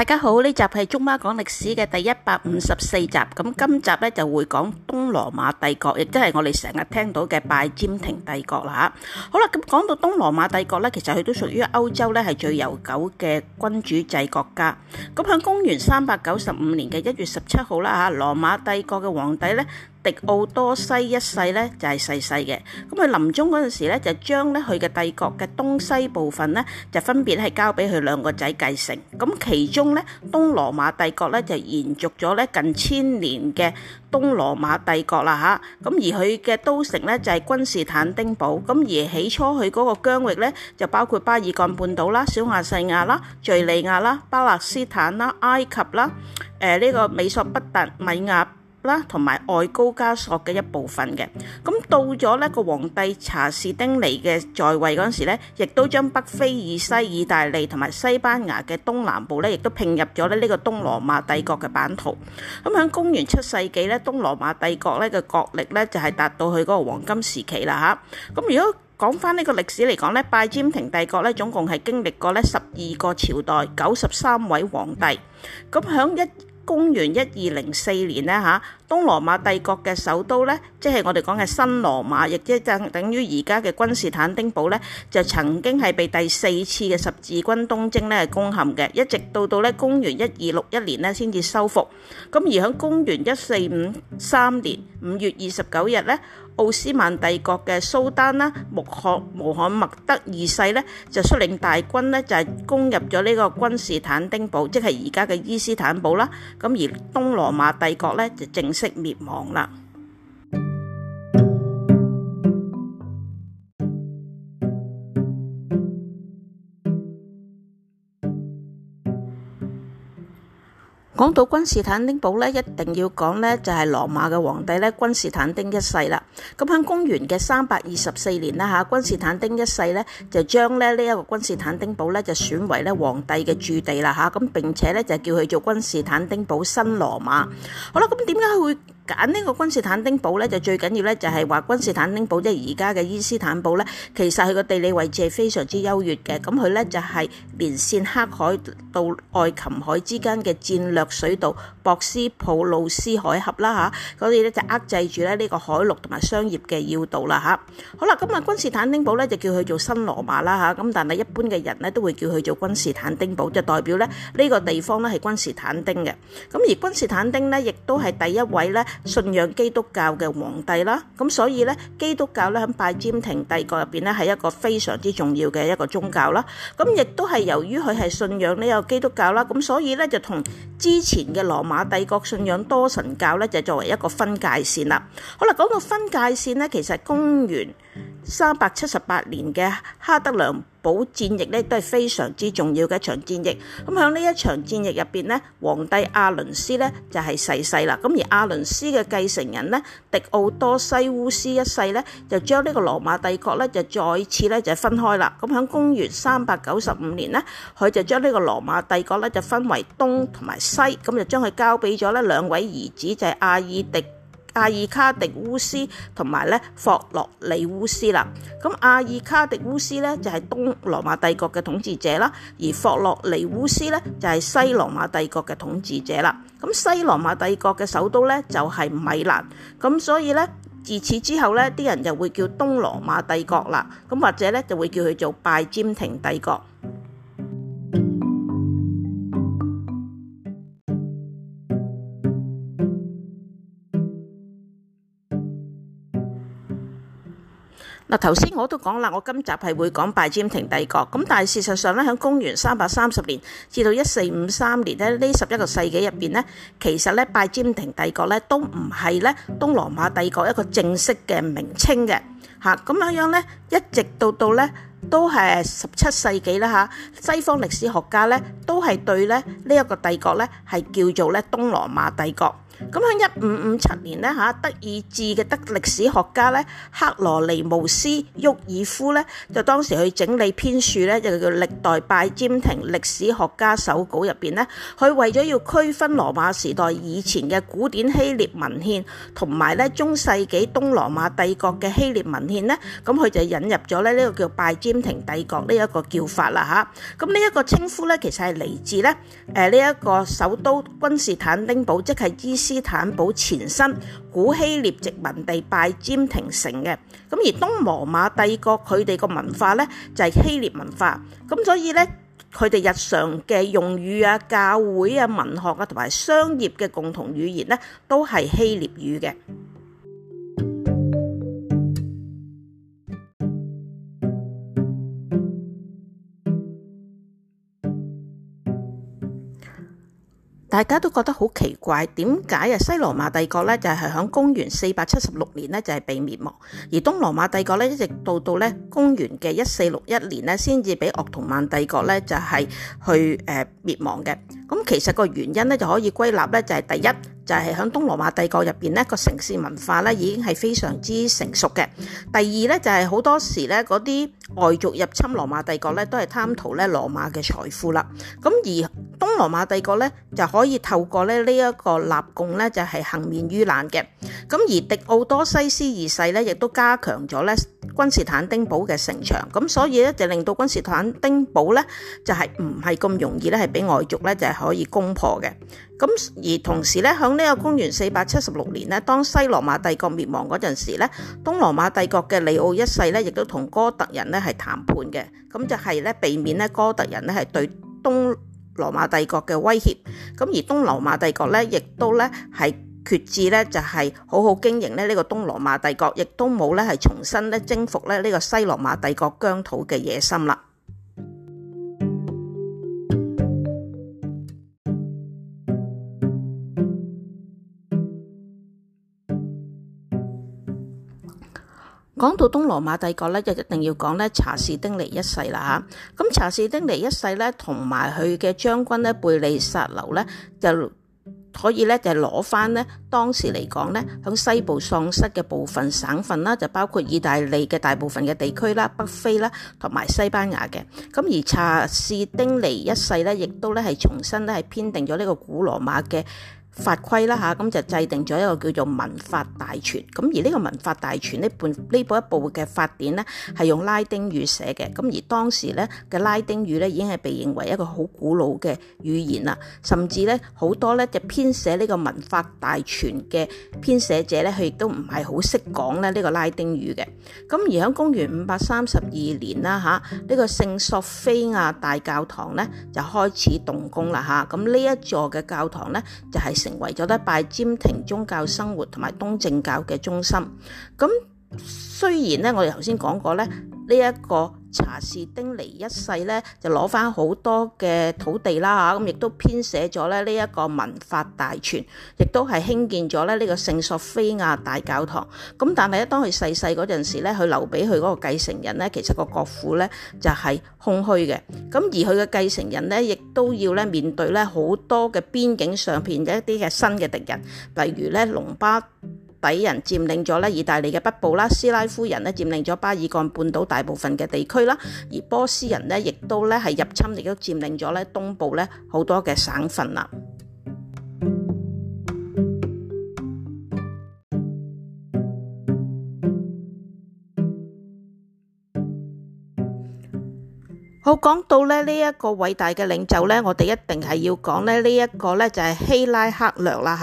大家好，呢集係鍾媽講歷史嘅第一百五十四集，咁今集咧就會講東羅馬帝國，亦都係我哋成日聽到嘅拜占庭帝國啦吓、啊。好啦，咁講到東羅馬帝國咧，其實佢都屬於歐洲咧係最悠久嘅君主制國家。咁喺公元三百九十五年嘅一月十七號啦吓、啊，羅馬帝國嘅皇帝咧，迪奧多西一世咧就係細細嘅，咁佢臨終嗰陣時咧就將咧佢嘅帝國嘅東西部分咧就分別係交俾佢兩個仔繼承。咁其中咧東羅馬帝國咧就延續咗咧近千年嘅東羅馬帝國啦吓，咁而佢嘅都城咧就係君士坦丁堡。咁而起初佢嗰個疆域咧就包括巴爾幹半島啦、小亞細亞啦、敘利亞啦、巴勒斯坦啦、埃及啦、誒呢個美索不達米亞啦，同埋外高加索嘅一部分嘅，咁到咗呢個皇帝查士丁尼嘅在位嗰陣時咧，亦都將北非以西、意大利同埋西班牙嘅東南部呢，亦都拼入咗咧呢個東羅馬帝國嘅版圖。咁喺公元七世紀呢，東羅馬帝國呢嘅國力呢，就係達到去嗰個黃金時期啦吓，咁如果講翻呢個歷史嚟講呢，拜占庭帝國呢，總共係經歷過呢十二個朝代，九十三位皇帝。咁喺一公元一二零四年呢，吓，東羅馬帝國嘅首都呢，即係我哋講嘅新羅馬，亦即等等於而家嘅君士坦丁堡呢，就曾經係被第四次嘅十字軍東征呢攻陷嘅，一直到到呢公元一二六一年呢先至收復。咁而喺公元一四五三年五月二十九日呢。奧斯曼帝國嘅蘇丹啦，穆罕穆罕默德二世咧就率領大軍咧就係攻入咗呢個君士坦丁堡，即係而家嘅伊斯坦堡啦。咁而東羅馬帝國咧就正式滅亡啦。講到君士坦丁堡咧，一定要講呢就係羅馬嘅皇帝咧君士坦丁一世啦。咁喺公元嘅三百二十四年啦，吓、啊，君士坦丁一世咧就將咧呢一個君士坦丁堡咧就選為咧皇帝嘅駐地啦，吓、啊，咁並且咧就叫佢做君士坦丁堡新羅馬。好啦，咁點解會揀呢個君士坦丁堡咧？就最緊要咧就係、是、話君士坦丁堡即係而家嘅伊斯坦堡咧，其實佢個地理位置係非常之優越嘅。咁佢咧就係、是、連線黑海到愛琴海之間嘅戰略水道博斯普魯斯海峽啦，吓、啊，所以咧就扼制住咧呢個海陸同埋。商業嘅要道啦嚇，好啦，咁啊，君士坦丁堡咧就叫佢做新羅馬啦嚇，咁但係一般嘅人咧都會叫佢做君士坦丁堡，就代表咧呢個地方咧係君士坦丁嘅。咁而君士坦丁咧亦都係第一位咧信仰基督教嘅皇帝啦，咁所以咧基督教咧喺拜占庭帝國入邊咧係一個非常之重要嘅一個宗教啦。咁亦都係由於佢係信仰呢個基督教啦，咁所以咧就同之前嘅羅馬帝國信仰多神教咧就作為一個分界線啦。好啦，講到分。界線呢，其實公元三百七十八年嘅哈德良堡戰役呢，都係非常之重要嘅一場戰役。咁響呢一場戰役入邊呢，皇帝阿倫斯呢就係逝世啦。咁而阿倫斯嘅繼承人呢，迪奧多西烏斯一世呢，就將呢個羅馬帝國呢就再次呢就分開啦。咁響公元三百九十五年呢，佢就將呢個羅馬帝國呢就分為東同埋西，咁就將佢交俾咗呢兩位兒子，就係阿爾迪。阿爾卡迪烏斯同埋咧，霍洛里烏斯啦。咁阿爾卡迪烏斯咧就係東羅馬帝國嘅統治者啦，而霍洛里烏斯咧就係西羅馬帝國嘅統治者啦。咁西羅馬帝國嘅首都咧就係米蘭，咁所以咧自此之後咧，啲人就會叫東羅馬帝國啦，咁或者咧就會叫佢做拜占庭帝國。嗱，頭先我都講啦，我今集係會講拜占庭帝國。咁但係事實上咧，喺公元三百三十年至到一四五三年咧，呢十一個世紀入邊咧，其實咧拜占庭帝國咧都唔係咧東羅馬帝國一個正式嘅名稱嘅。嚇咁樣樣咧，一直到到咧都係十七世紀啦嚇，西方歷史學家咧都係對咧呢一個帝國咧係叫做咧東羅馬帝國。咁喺一五五七年呢，吓，德意志嘅德歷史學家咧，克羅尼姆斯沃爾夫咧，就當時去整理編書咧，就叫做《歷代拜占庭歷史學家手稿》入邊咧，佢為咗要區分羅馬時代以前嘅古典希臘文獻同埋咧中世紀東羅馬帝國嘅希臘文獻咧，咁佢就引入咗咧呢個叫拜占庭帝國呢一個叫法啦吓，咁呢一個稱呼咧，其實係嚟自咧，誒呢一個首都君士坦丁堡，即係伊。斯坦堡前身，古希臘殖民地拜占庭城嘅。咁而東羅馬帝國佢哋個文化呢，就係、是、希臘文化，咁所以呢，佢哋日常嘅用語啊、教會啊、文學啊同埋商業嘅共同語言呢，都係希臘語嘅。大家都覺得好奇怪，點解啊？西羅馬帝國咧就係、是、喺公元四百七十六年咧就係、是、被滅亡，而東羅馬帝國咧一直到到咧公元嘅一四六一年咧先至俾鄂圖曼帝國咧就係、是、去誒、呃、滅亡嘅。咁其實個原因咧就可以歸納咧就係、是、第一就係、是、響東羅馬帝國入邊呢個城市文化咧已經係非常之成熟嘅。第二咧就係、是、好多時咧嗰啲外族入侵羅馬帝國咧都係貪圖咧羅馬嘅財富啦。咁而東羅馬帝國咧就可以透過咧呢一個納貢咧就係幸免於難嘅。咁而狄奧多西斯二世咧亦都加強咗咧君士坦丁堡嘅城牆。咁所以咧就令到君士坦丁堡咧就係唔係咁容易咧係俾外族咧就係，可以攻破嘅，咁而同時咧，響呢個公元四百七十六年呢，當西羅馬帝國滅亡嗰陣時咧，東羅馬帝國嘅利奧一世咧，亦都同哥特人咧係談判嘅，咁就係咧避免咧哥特人呢，係對東羅馬帝國嘅威脅，咁而東羅馬帝國咧亦都咧係決志咧就係好好經營呢，呢個東羅馬帝國亦都冇咧係重新咧征服咧呢個西羅馬帝國疆土嘅野心啦。講到東羅馬帝國咧，就一定要講咧查士丁尼一世啦吓。咁查士丁尼一世咧，同埋佢嘅將軍咧貝利撒留咧，就可以咧就攞翻咧當時嚟講咧，響西部喪失嘅部分省份啦，就包括意大利嘅大部分嘅地區啦、北非啦同埋西班牙嘅。咁而查士丁尼一世咧，亦都咧係重新咧係編定咗呢個古羅馬嘅。法規啦吓，咁就制定咗一個叫做文《民法大全》。咁而呢個《民法大全》呢本呢部一部嘅法典咧，係用拉丁語寫嘅。咁而當時咧嘅拉丁語咧已經係被認為一個好古老嘅語言啦，甚至咧好多咧就編寫呢個《民法大全》嘅編寫者咧，佢亦都唔係好識講咧呢個拉丁語嘅。咁而喺公元五百三十二年啦吓，呢、這個聖索菲亞大教堂咧就開始動工啦吓，咁呢一座嘅教堂咧就係、是。成為咗呢拜占庭宗教生活同埋東正教嘅中心。咁雖然咧，我哋頭先講過咧，呢一個。查士丁尼一世咧就攞翻好多嘅土地啦嚇，咁亦都編寫咗咧呢一個民法大全，亦都係興建咗咧呢個聖索菲亞大教堂。咁但係咧，當佢逝世嗰陣時咧，佢留俾佢嗰個繼承人咧，其實個國庫咧就係空虛嘅。咁而佢嘅繼承人咧，亦都要咧面對咧好多嘅邊境上邊嘅一啲嘅新嘅敵人，例如咧隆巴。底人佔領咗咧，意大利嘅北部啦；斯拉夫人咧佔領咗巴爾幹半島大部分嘅地區啦；而波斯人咧，亦都咧係入侵，亦都佔領咗咧東部咧好多嘅省份啦。我講到咧呢一個偉大嘅領袖呢，我哋一定係要講咧呢一個呢，就係希拉克略啦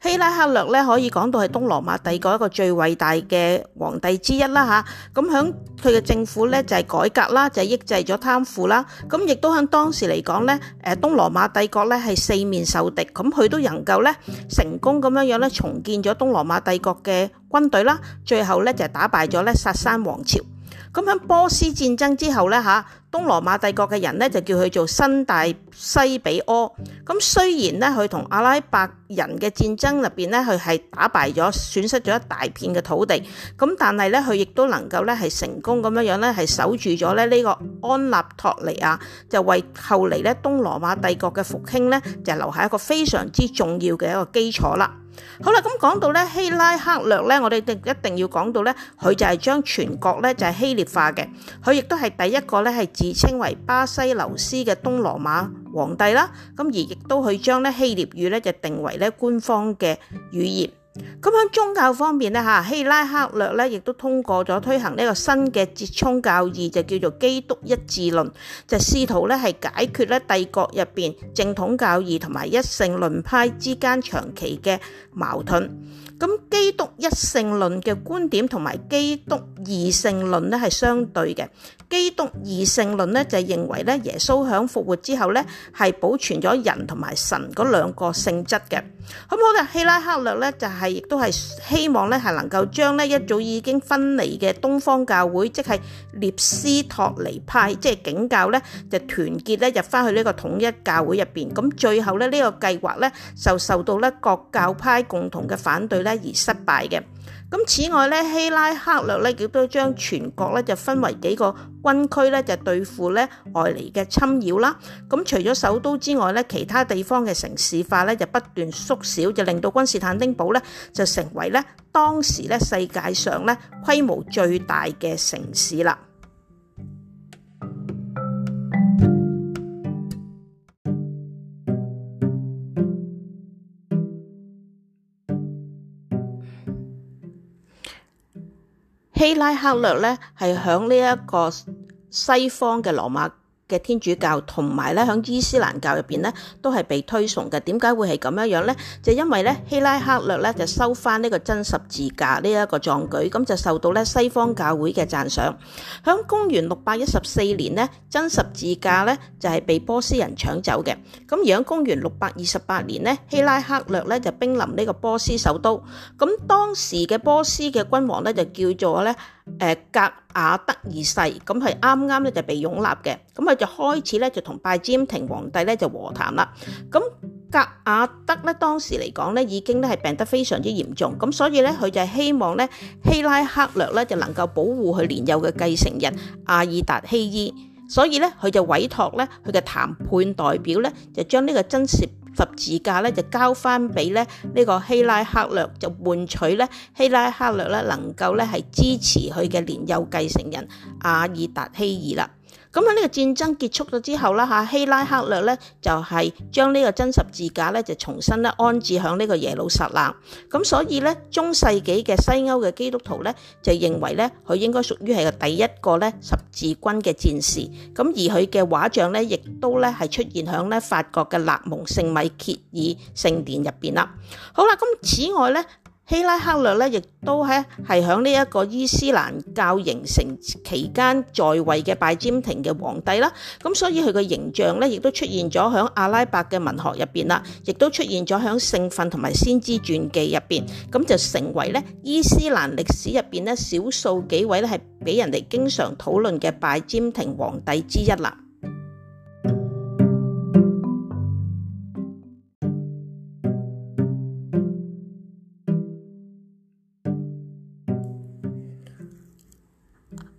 嚇。希拉克略呢，可以講到係東羅馬帝國一個最偉大嘅皇帝之一啦嚇。咁響佢嘅政府呢，就係改革啦，就係抑制咗貪腐啦。咁亦都喺當時嚟講呢，誒東羅馬帝國呢係四面受敵，咁佢都能夠咧成功咁樣樣咧重建咗東羅馬帝國嘅軍隊啦。最後呢，就係打敗咗咧薩珊王朝。咁喺波斯戰爭之後咧，嚇東羅馬帝國嘅人咧就叫佢做新大西比俄。咁雖然咧佢同阿拉伯人嘅戰爭入邊咧，佢係打敗咗，損失咗一大片嘅土地。咁但係咧，佢亦都能夠咧係成功咁樣樣咧係守住咗咧呢個安納托利亞，就為後嚟咧東羅馬帝國嘅復興咧就留下一個非常之重要嘅一個基礎啦。好啦，咁講到咧希拉克略咧，我哋定一定要講到咧，佢就係將全國咧就係希臘化嘅，佢亦都係第一個咧係自稱為巴西流斯嘅東羅馬皇帝啦。咁而亦都去將咧希臘語咧就定為咧官方嘅語言。咁喺宗教方面咧，吓希拉克略咧亦都通過咗推行呢個新嘅折衷教義，就叫做基督一致論，就試、是、圖咧係解決咧帝國入邊正統教義同埋一性論派之間長期嘅矛盾。咁基督一性論嘅觀點同埋基督二性論咧係相對嘅。基督二性論咧就係認為咧耶穌響復活之後咧係保存咗人同埋神兩個性質嘅。咁好啦，希拉克略咧就係亦都係希望咧係能夠將咧一早已經分離嘅東方教會即係涅斯托尼派，即係景教咧，就團結咧入翻去呢個統一教會入邊，咁最後咧呢個計劃咧就受到咧各教派共同嘅反對。而失敗嘅，咁此外咧，希拉克略咧，亦都將全國咧就分為幾個軍區咧，就對付咧外嚟嘅侵擾啦。咁除咗首都之外咧，其他地方嘅城市化咧就不斷縮小，就令到君士坦丁堡咧就成為咧當時咧世界上咧規模最大嘅城市啦。希拉克略咧，係響呢一個西方嘅羅馬。嘅天主教同埋咧，響伊斯蘭教入邊咧，都係被推崇嘅。點解會係咁樣樣咧？就因為咧，希拉克略咧就收翻呢個真十字架呢一個壯舉，咁就受到咧西方教會嘅讚賞。喺公元六百一十四年咧，真十字架咧就係被波斯人搶走嘅。咁而喺公元六百二十八年咧，希拉克略咧就兵臨呢個波斯首都。咁當時嘅波斯嘅君王咧就叫做咧。格瓦德二世咁係啱啱咧就被擁立嘅，咁佢就開始咧就同拜占庭皇帝咧就和談啦。咁格瓦德咧當時嚟講咧已經咧係病得非常之嚴重，咁所以咧佢就希望咧希拉克略咧就能夠保護佢年幼嘅繼承人阿爾達希伊。所以咧佢就委託咧佢嘅談判代表咧就將呢個真實十字架咧就交翻俾咧呢個希拉克略，就換取咧希拉克略咧能夠咧係支持佢嘅年幼繼承人阿爾達希爾。咁喺呢個戰爭結束咗之後啦，哈希拉克略咧就係將呢個真實十字架咧就重新咧安置喺呢個耶路撒冷。咁所以咧中世紀嘅西歐嘅基督徒咧就認為咧佢應該屬於係個第一個咧十字軍嘅戰士。咁而佢嘅畫像咧亦都咧係出現喺咧法國嘅勒蒙聖米歇爾聖殿入邊啦。好啦，咁此外咧。希拉克略咧，亦都咧係喺呢一個伊斯蘭教形成期間在位嘅拜占庭嘅皇帝啦，咁所以佢嘅形象咧，亦都出現咗喺阿拉伯嘅文學入邊啦，亦都出現咗喺聖訓同埋先知傳記入邊，咁就成為咧伊斯蘭歷史入邊咧少數幾位咧係俾人哋經常討論嘅拜占庭皇帝之一啦。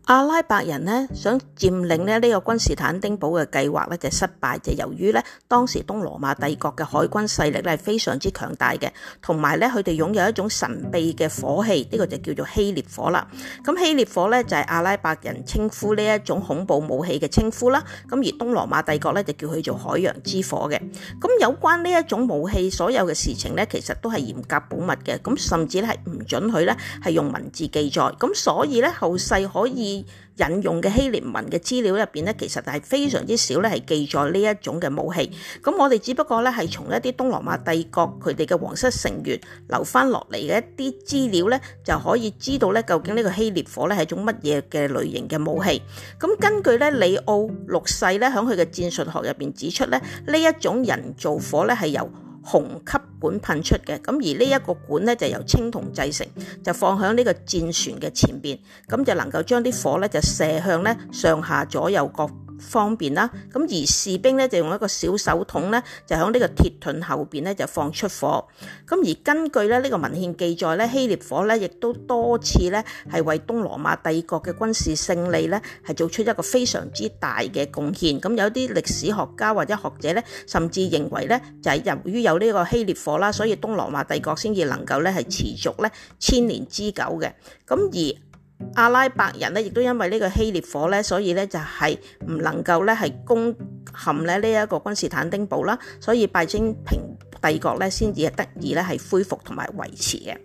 阿拉伯人呢，想佔領咧呢個君士坦丁堡嘅計劃咧就失敗，就由於咧當時東羅馬帝國嘅海軍勢力咧係非常之強大嘅，同埋咧佢哋擁有一種神秘嘅火器，呢、這個就叫做希臘火啦。咁希臘火咧就係阿拉伯人稱呼呢一種恐怖武器嘅稱呼啦。咁而東羅馬帝國咧就叫佢做海洋之火嘅。咁有關呢一種武器所有嘅事情咧，其實都係嚴格保密嘅，咁甚至係唔准許咧係用文字記載。咁所以咧後世可以。引用嘅希臘文嘅資料入邊咧，其實係非常之少咧，係記載呢一種嘅武器。咁我哋只不過咧係從一啲東羅馬帝國佢哋嘅皇室成員留返落嚟嘅一啲資料咧，就可以知道咧究竟呢個希臘火咧係一種乜嘢嘅類型嘅武器。咁根據咧里奧六世咧喺佢嘅戰術學入邊指出咧，呢一種人造火咧係由紅吸管噴出嘅，咁而呢一個管咧就由青銅製成，就放喺呢個戰船嘅前面，咁就能夠將啲火咧就射向咧上下左右角。方便啦，咁而士兵咧就用一個小手筒咧，就喺呢個鐵盾後邊咧就放出火。咁而根據咧呢個文獻記載咧，希臘火咧亦都多次咧係為東羅馬帝國嘅軍事勝利咧係做出一個非常之大嘅貢獻。咁有啲歷史學家或者學者咧，甚至認為咧就係由於有呢個希臘火啦，所以東羅馬帝國先至能夠咧係持續咧千年之久嘅。咁而阿拉伯人呢，亦都因為呢個希臘火呢，所以呢，就係唔能夠呢，係攻陷咧呢一個君士坦丁堡啦，所以拜占庭帝國呢，先至係得以呢，係恢復同埋維持嘅。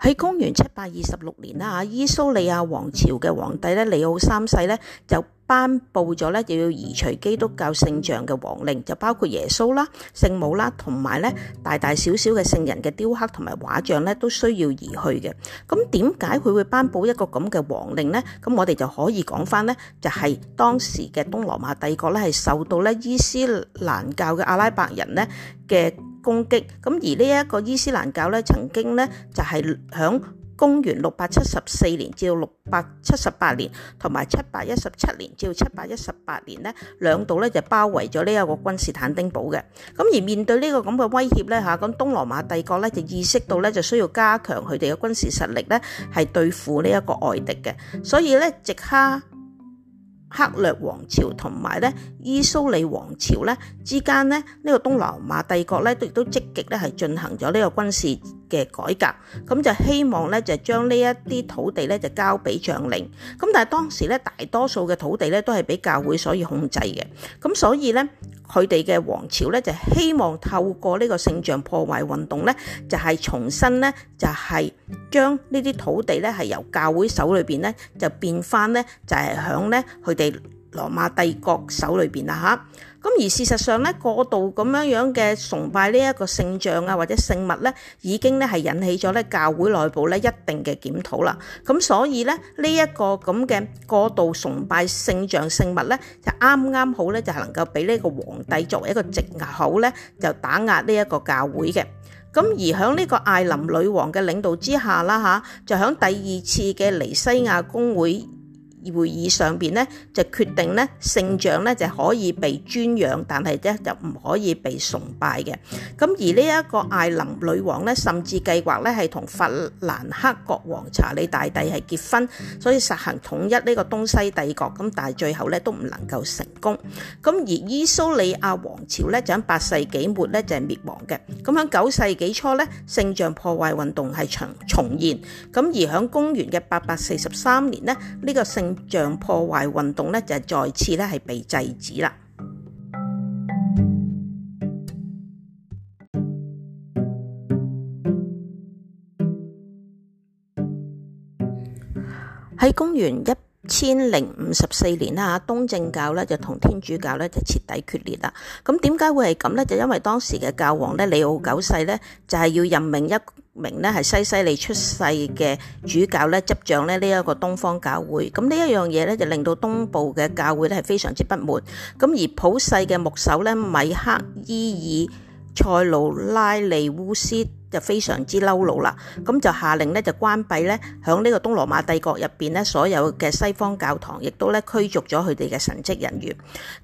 喺 公元七百二十六年啦，哈，伊蘇利亞王朝嘅皇帝呢，利奧三世呢，就。頒布咗咧，就要移除基督教聖像嘅皇令，就包括耶穌啦、聖母啦，同埋咧大大小小嘅聖人嘅雕刻同埋畫像咧，都需要移去嘅。咁點解佢會頒布一個咁嘅皇令咧？咁我哋就可以講翻咧，就係當時嘅東羅馬帝國咧，係受到咧伊斯蘭教嘅阿拉伯人咧嘅攻擊。咁而呢一個伊斯蘭教咧，曾經咧就係響。公元六百七十四年至到六百七十八年，同埋七百一十七年至到七百一十八年呢，兩度呢就包圍咗呢一個君士坦丁堡嘅。咁而面對呢個咁嘅威脅呢，嚇，咁東羅馬帝國呢就意識到呢就需要加強佢哋嘅軍事實力呢係對付呢一個外敵嘅。所以呢，直哈克略王朝同埋呢。伊蘇里王朝咧之間咧，呢個東羅馬帝國咧亦都積極咧係進行咗呢個軍事嘅改革，咁就希望咧就將呢一啲土地咧就交俾將領，咁但係當時咧大多數嘅土地咧都係俾教會所以控制嘅，咁所以咧佢哋嘅王朝咧就希望透過呢個聖像破壞運動咧，就係重新咧就係將呢啲土地咧係由教會手裏邊咧就變翻咧就係響咧佢哋。羅馬帝國手裏邊啦嚇，咁而事實上咧過度咁樣樣嘅崇拜呢一個聖像啊或者聖物咧，已經咧係引起咗咧教會內部咧一定嘅檢討啦。咁所以咧呢一、呢個咁嘅過度崇拜聖像聖物咧，就啱啱好咧就係能夠俾呢個皇帝作為一個藉口咧，就打壓呢一個教會嘅。咁而喺呢個艾琳女王嘅領導之下啦嚇，就喺第二次嘅尼西亞公會會議上邊呢，就決定呢聖像呢就可以被尊養，但係咧就唔可以被崇拜嘅。咁而呢一個艾琳女王呢，甚至計劃呢係同法蘭克國王查理大帝係結婚，所以實行統一呢個東西帝國。咁但係最後呢都唔能夠成功。咁而伊蘇里亞王朝呢，就喺八世紀末呢就係滅亡嘅。咁喺九世紀初呢，聖像破壞運動係重重現。咁而喺公元嘅八百四十三年呢，呢、呢個聖像破壞運動呢，就再次呢，係被制止啦。喺 公園一。一千零五十四年啦，吓，東正教咧就同天主教咧就徹底決裂啦。咁點解會係咁咧？就因為當時嘅教皇咧，利奧九世咧，就係要任命一名咧係西西利出世嘅主教咧執掌咧呢一個東方教會。咁呢一樣嘢咧就令到東部嘅教會咧係非常之不滿。咁而普世嘅牧首咧，米克伊爾塞魯拉利烏斯。就非常之嬲惱啦，咁就下令咧就關閉咧，響呢個東羅馬帝國入邊咧所有嘅西方教堂，亦都咧驅逐咗佢哋嘅神職人員。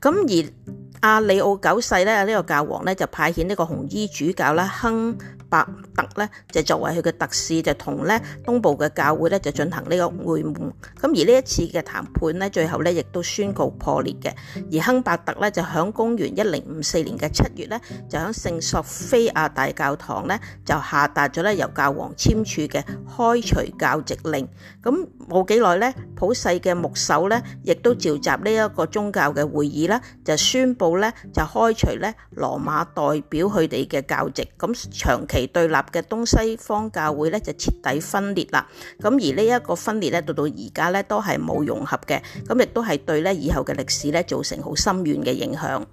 咁而阿里奧九世咧呢個教皇咧就派遣呢個紅衣主教啦，亨。伯特咧就作為佢嘅特使，就同咧東部嘅教會咧就進行呢個會晤。咁而呢一次嘅談判咧，最後咧亦都宣告破裂嘅。而亨伯特咧就響公元一零五四年嘅七月咧，就響聖索菲亞大教堂咧就下達咗咧由教皇簽署嘅開除教籍令。咁冇幾耐咧，普世嘅牧首咧亦都召集呢一個宗教嘅會議啦，就宣布咧就開除咧羅馬代表佢哋嘅教籍。咁長期。其對立嘅東西方教會咧，就徹底分裂啦，咁而呢一個分裂咧到到而家咧都係冇融合嘅，咁亦都係對咧以後嘅歷史咧造成好深遠嘅影響。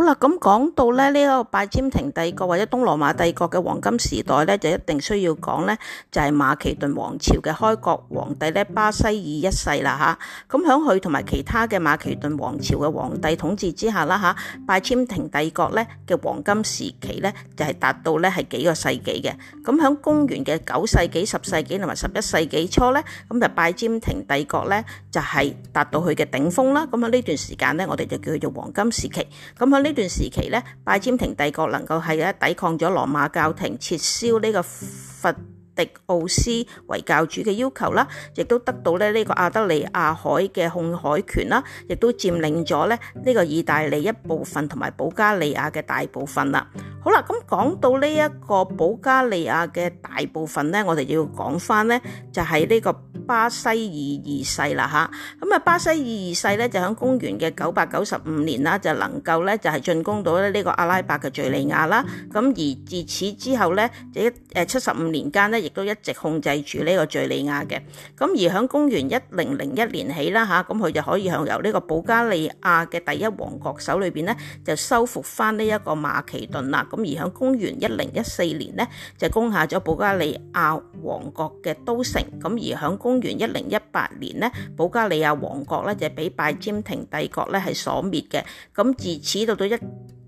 好啦，咁講到咧呢一個拜占庭帝國或者東羅馬帝國嘅黃金時代咧，就一定需要講咧，就係馬其頓王朝嘅開國皇帝咧巴西爾一世啦吓，咁喺佢同埋其他嘅馬其頓王朝嘅皇帝統治之下啦吓，拜占庭帝國咧嘅黃金時期咧就係達到咧係幾個世紀嘅。咁喺公元嘅九世紀、十世紀同埋十一世紀初咧，咁就拜占庭帝國咧就係達到佢嘅頂峰啦。咁喺呢段時間咧，我哋就叫佢做黃金時期。咁喺呢呢段時期咧，拜占庭帝國能夠係咧抵抗咗羅馬教廷撤銷呢個佛迪奧斯為教主嘅要求啦，亦都得到咧呢個亞德里亞海嘅控海權啦，亦都佔領咗咧呢個意大利一部分同埋保加利亞嘅大部分啦。好啦，咁講到呢一個保加利亞嘅大部分咧，我哋要講翻咧就係呢個巴西爾二世啦吓，咁啊，巴西爾二世咧就喺公元嘅九百九十五年啦，就能夠咧就係進攻到咧呢個阿拉伯嘅敍利亞啦。咁而自此之後咧，一誒七十五年間咧。亦都一直控制住呢個敍利亞嘅，咁而喺公元一零零一年起啦嚇，咁佢就可以向由呢個保加利亞嘅第一王國手裏邊咧，就收復翻呢一個馬其頓啦。咁而喺公元一零一四年呢，就攻下咗保加利亞王國嘅都城。咁而喺公元一零一八年呢，保加利亞王國咧就俾拜占庭帝國咧係所滅嘅。咁自此到到一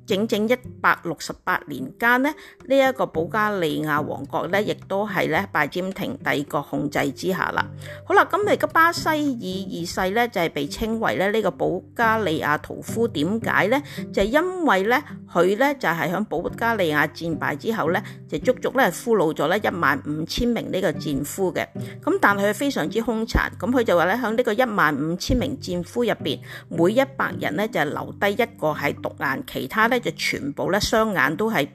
整整一百六十八年間咧，呢、呢、一個保加利亞王國咧，亦都係咧拜占庭帝國控制之下啦。好啦，咁嚟個巴西爾二,二世咧就係被稱為咧呢個保加利亞屠夫，點解咧？就係、因為咧佢咧就係響保加利亞戰敗之後咧，就足足咧俘虜咗咧一萬五千名呢個戰俘嘅。咁但係佢非常之兇殘，咁佢就話咧響呢個一萬五千名戰俘入邊，每一百人咧就留低一個喺獨眼，其他，就全部咧雙眼都係。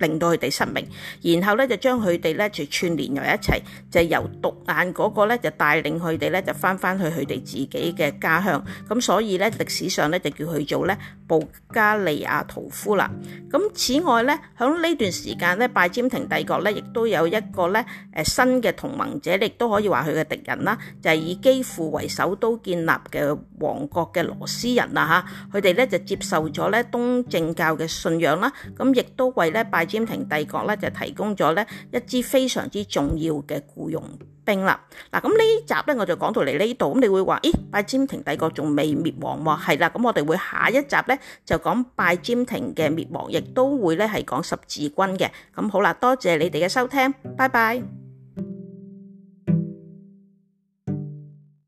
令到佢哋失明，然後咧就將佢哋咧就串連埋一齊，就係由獨眼嗰個咧就帶領佢哋咧就翻翻去佢哋自己嘅家鄉。咁所以咧，歷史上咧就叫佢做咧保加利亞屠夫啦。咁此外咧，響呢段時間咧，拜占庭帝國咧亦都有一個咧誒新嘅同盟者，亦都可以話佢嘅敵人啦，就係、是、以基輔為首都建立嘅王國嘅羅斯人啦嚇。佢哋咧就接受咗咧東正教嘅信仰啦，咁亦都為咧。拜占庭帝國咧就提供咗咧一支非常之重要嘅僱傭兵啦。嗱，咁呢集咧我就講到嚟呢度，咁你會話，咦，拜占庭帝國仲未滅亡喎？係啦，咁我哋會下一集咧就講拜占庭嘅滅亡，亦都會咧係講十字軍嘅。咁好啦，多謝你哋嘅收聽，拜拜。